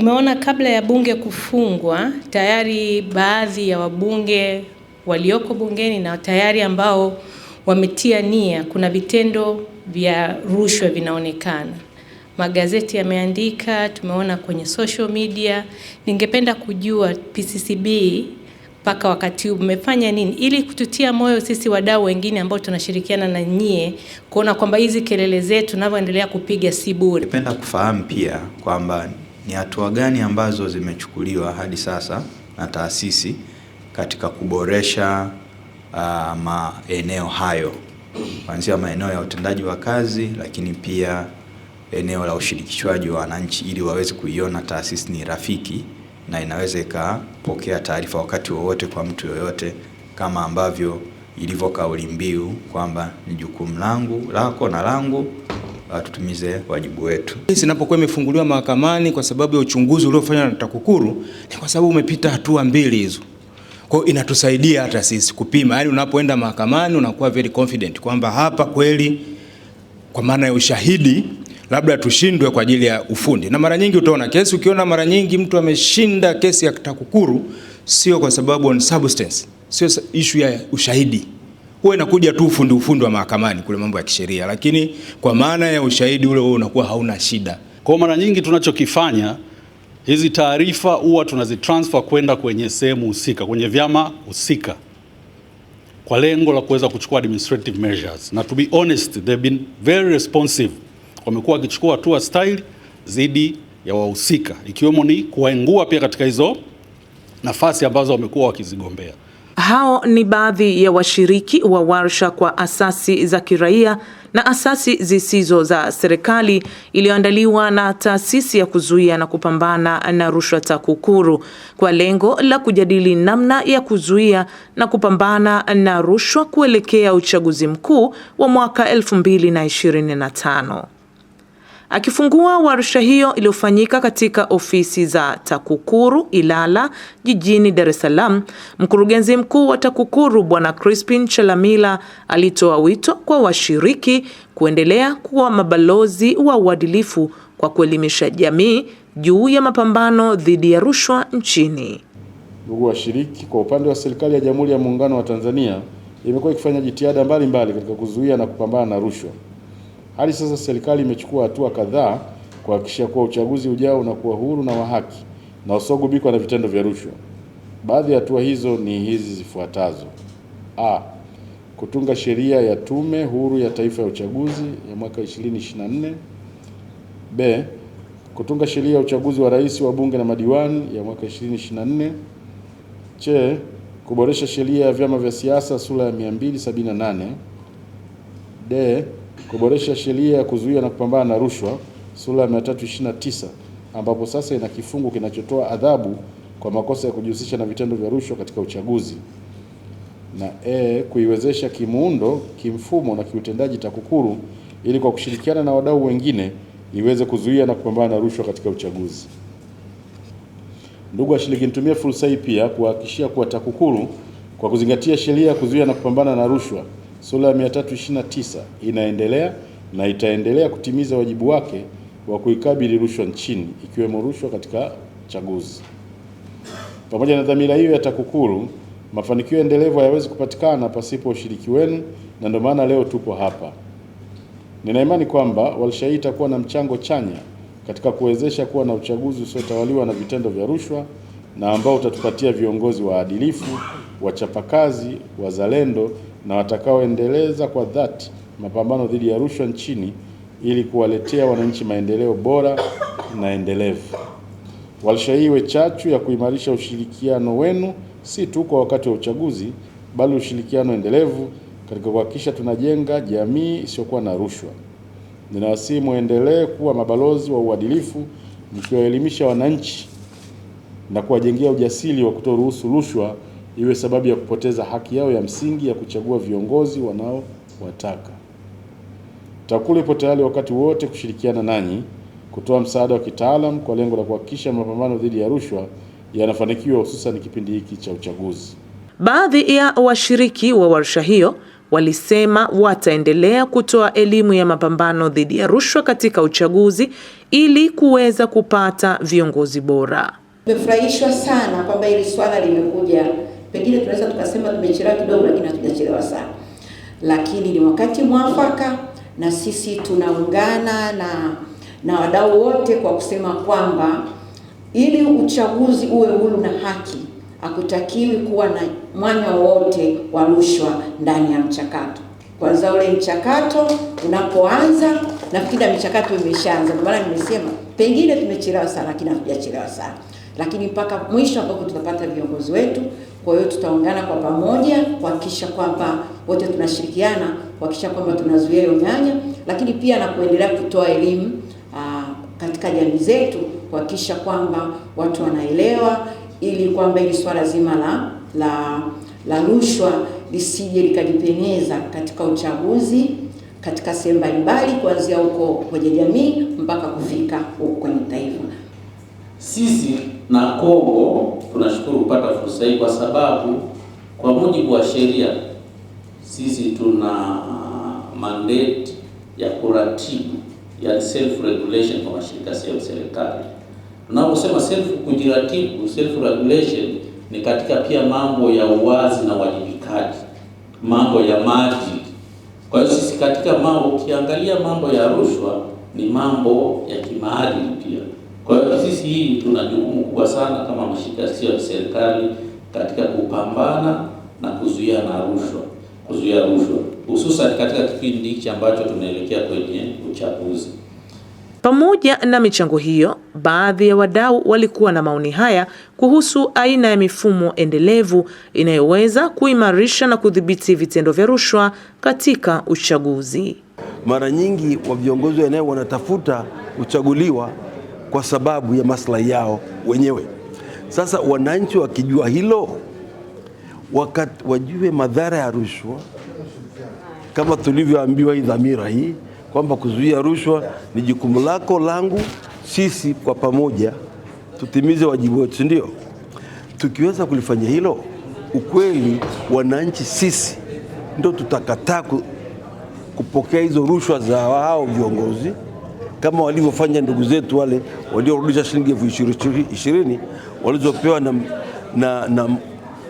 Tumeona kabla ya bunge kufungwa tayari baadhi ya wabunge walioko bungeni na tayari ambao wametia nia, kuna vitendo vya rushwa vinaonekana, magazeti yameandika, tumeona kwenye social media. Ningependa kujua PCCB mpaka wakati huu mmefanya nini ili kututia moyo sisi wadau wengine ambao tunashirikiana na nyie kuona kwamba hizi kelele zetu tunavyoendelea kupiga si bure. Ningependa kufahamu pia kwamba ni hatua gani ambazo zimechukuliwa hadi sasa na taasisi katika kuboresha uh, maeneo hayo kuanzia maeneo ya utendaji wa kazi, lakini pia eneo la ushirikishwaji wa wananchi ili waweze kuiona taasisi ni rafiki na inaweza ikapokea taarifa wakati wowote kwa mtu yoyote, kama ambavyo ilivyo kauli mbiu kwamba ni jukumu langu lako na langu tutumize wajibu wetu. Kesi inapokuwa imefunguliwa mahakamani kwa sababu ya uchunguzi uliofanywa na TAKUKURU ni kwa sababu umepita hatua mbili hizo. Kwa hiyo inatusaidia hata sisi kupima, yaani unapoenda mahakamani unakuwa very confident kwamba hapa kweli, kwa maana ya ushahidi labda tushindwe kwa ajili ya ufundi. Na mara nyingi utaona kesi, ukiona mara nyingi mtu ameshinda kesi ya TAKUKURU sio kwa sababu on substance, sio issue ya ushahidi. Wewe unakuja tu ufundi ufundi wa mahakamani kule mambo ya kisheria, lakini kwa maana ya ushahidi ule wewe unakuwa hauna shida. Kwa mara nyingi tunachokifanya hizi taarifa huwa tunazitransfer kwenda kwenye sehemu husika, kwenye vyama husika kwa lengo la kuweza kuchukua administrative measures, na to be honest they've been very responsive. Wamekuwa wakichukua hatua style dhidi ya wahusika, ikiwemo ni kuwaengua pia katika hizo nafasi ambazo wamekuwa wakizigombea. Hao ni baadhi ya washiriki wa warsha kwa asasi za kiraia na asasi zisizo za serikali iliyoandaliwa na taasisi ya kuzuia na kupambana na rushwa TAKUKURU kwa lengo la kujadili namna ya kuzuia na kupambana na rushwa kuelekea uchaguzi mkuu wa mwaka 2025. Akifungua warsha hiyo iliyofanyika katika ofisi za TAKUKURU Ilala jijini Dar es Salaam, mkurugenzi mkuu wa TAKUKURU Bwana Crispin Chalamila alitoa wito kwa washiriki kuendelea kuwa mabalozi wa uadilifu kwa kuelimisha jamii juu ya mapambano dhidi ya rushwa nchini. Ndugu washiriki, kwa upande wa serikali ya Jamhuri ya Muungano wa Tanzania imekuwa ikifanya jitihada mbalimbali katika kuzuia na kupambana na rushwa. Hadi sasa serikali imechukua hatua kadhaa kuhakikisha kuwa uchaguzi ujao unakuwa huru na wa haki na usogubikwa na vitendo vya rushwa. Baadhi ya hatua hizo ni hizi zifuatazo: A, kutunga sheria ya Tume Huru ya Taifa ya Uchaguzi ya mwaka 2024. B, kutunga sheria ya uchaguzi wa rais, wa bunge na madiwani ya mwaka 2024. C, kuboresha sheria ya vyama vya siasa sura ya 278. D, kuboresha sheria ya kuzuia na kupambana na rushwa sura ya 329 ambapo sasa ina kifungu kinachotoa adhabu kwa makosa ya kujihusisha na vitendo vya rushwa katika uchaguzi na e, kuiwezesha kimuundo, kimfumo na kiutendaji TAKUKURU ili kwa kushirikiana na wadau wengine iweze kuzuia na kupambana na rushwa katika uchaguzi. Ndugu washiriki, nitumie fursa hii pia kuhakikishia kuwa TAKUKURU kwa kuzingatia sheria ya kuzuia na kupambana na rushwa sura ya 329 inaendelea na itaendelea kutimiza wajibu wake wa kuikabili rushwa nchini ikiwemo rushwa katika chaguzi. Pamoja na dhamira hiyo ya TAKUKURU, mafanikio endelevu hayawezi kupatikana pasipo ushiriki wenu, na ndio maana leo tupo hapa. Nina imani kwamba warsha hii itakuwa na mchango chanya katika kuwezesha kuwa na uchaguzi usiotawaliwa na vitendo vya rushwa na ambao utatupatia viongozi waadilifu, wachapakazi, wazalendo na watakaoendeleza kwa dhati mapambano dhidi ya rushwa nchini ili kuwaletea wananchi maendeleo bora na endelevu. Walishaiwe chachu ya kuimarisha ushirikiano wenu si tu kwa wakati wa uchaguzi, bali ushirikiano endelevu katika kuhakikisha tunajenga jamii isiyokuwa na rushwa. Ninawasihi muendelee kuwa mabalozi wa uadilifu, mkiwaelimisha wananchi na kuwajengea ujasiri wa kutoruhusu rushwa iwe sababu ya kupoteza haki yao ya msingi ya kuchagua viongozi wanaowataka. TAKUKURU ipo tayari wakati wote kushirikiana nanyi kutoa msaada wa kitaalam kwa lengo la kuhakikisha mapambano dhidi ya rushwa yanafanikiwa, hususan kipindi hiki cha uchaguzi. Baadhi ya washiriki wa warsha hiyo walisema wataendelea kutoa elimu ya mapambano dhidi ya rushwa katika uchaguzi ili kuweza kupata viongozi bora. Nimefurahishwa sana kwamba hili swala limekuja Pengine tunaweza tukasema tumechelewa kidogo, lakini hatujachelewa sana, lakini ni wakati mwafaka, na sisi tunaungana na na wadau wote kwa kusema kwamba ili uchaguzi uwe huru na haki, hakutakiwi kuwa na mwanya wowote wa rushwa ndani ya mchakato. Kwanza ule mchakato unapoanza, nafikiri mchakato imeshaanza. Kwa maana nimesema pengine tumechelewa sana, lakini hatujachelewa sana, lakini mpaka mwisho ambapo tutapata viongozi wetu kwa hiyo tutaungana kwa pamoja kuhakikisha kwamba wote tunashirikiana kuhakikisha kwamba tunazuia hiyo nyanya, lakini pia na kuendelea kutoa elimu ah, katika jamii zetu kuhakikisha kwamba watu wanaelewa, ili kwamba hili swala zima la la la rushwa lisije likajipenyeza katika uchaguzi katika sehemu mbalimbali kuanzia huko kwenye jamii mpaka kufika huko kwenye taifa. Sisi na Kongo tunashukuru kupata fursa hii, kwa sababu kwa mujibu wa sheria sisi tuna mandate ya kuratibu, ya self regulation kwa mashirika sio ya serikali. Tunaposema self kujiratibu, self regulation ni katika pia mambo ya uwazi na uwajibikaji, mambo ya maji. Kwa hiyo sisi katika mambo, ukiangalia mambo ya rushwa ni mambo ya kimaadili pia. Kwa hiyo sisi hii tuna jukumu kubwa sana kama mashirika yasiyo ya serikali katika kupambana na kuzuia na rushwa, kuzuia rushwa hususan katika kipindi hichi ambacho tunaelekea kwenye uchaguzi. Pamoja na michango hiyo, baadhi ya wadau walikuwa na maoni haya kuhusu aina ya mifumo endelevu inayoweza kuimarisha na kudhibiti vitendo vya rushwa katika uchaguzi. Mara nyingi wa viongozi wa eneo wanatafuta kuchaguliwa kwa sababu ya maslahi yao wenyewe. Sasa wananchi wakijua hilo, wakati wajue madhara ya rushwa, kama tulivyoambiwa hii dhamira hii kwamba kuzuia rushwa ni jukumu lako, langu, sisi kwa pamoja tutimize wajibu wetu, ndio? Tukiweza kulifanya hilo, ukweli wananchi sisi ndio tutakataa kupokea hizo rushwa za hao viongozi kama walivyofanya ndugu zetu wale waliorudisha shilingi elfu ishirini walizopewa na, na, na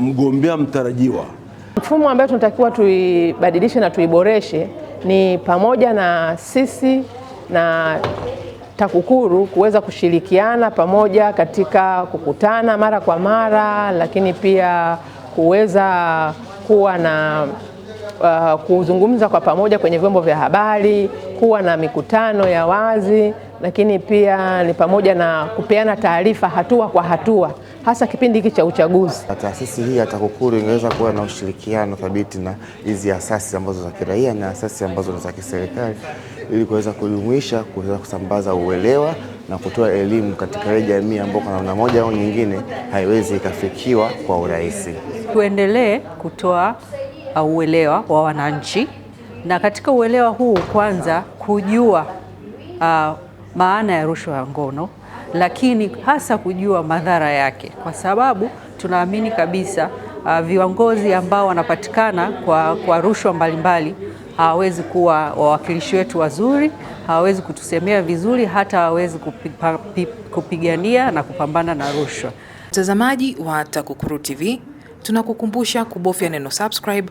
mgombea mtarajiwa. Mfumo ambayo tunatakiwa tuibadilishe na tuiboreshe ni pamoja na sisi na TAKUKURU kuweza kushirikiana pamoja katika kukutana mara kwa mara, lakini pia kuweza kuwa na uh, kuzungumza kwa pamoja kwenye vyombo vya habari kuwa na mikutano ya wazi, lakini pia ni pamoja na kupeana taarifa hatua kwa hatua, hasa kipindi hiki cha uchaguzi. Taasisi hii ya TAKUKURU ingeweza kuwa na ushirikiano thabiti na hizi asasi ambazo za kiraia na asasi ambazo ni za kiserikali, ili kuweza kujumuisha, kuweza kusambaza uelewa na kutoa elimu katika ile jamii ambayo kwa namna moja au nyingine haiwezi ikafikiwa kwa urahisi. Tuendelee kutoa uh, uelewa wa wananchi na katika uelewa huu kwanza kujua uh, maana ya rushwa ya ngono, lakini hasa kujua madhara yake, kwa sababu tunaamini kabisa uh, viongozi ambao wanapatikana kwa, kwa rushwa mbalimbali hawawezi kuwa wawakilishi wetu wazuri, hawawezi kutusemea vizuri, hata hawawezi kupigania na kupambana na rushwa. Mtazamaji wa TAKUKURU TV, tunakukumbusha kubofya neno subscribe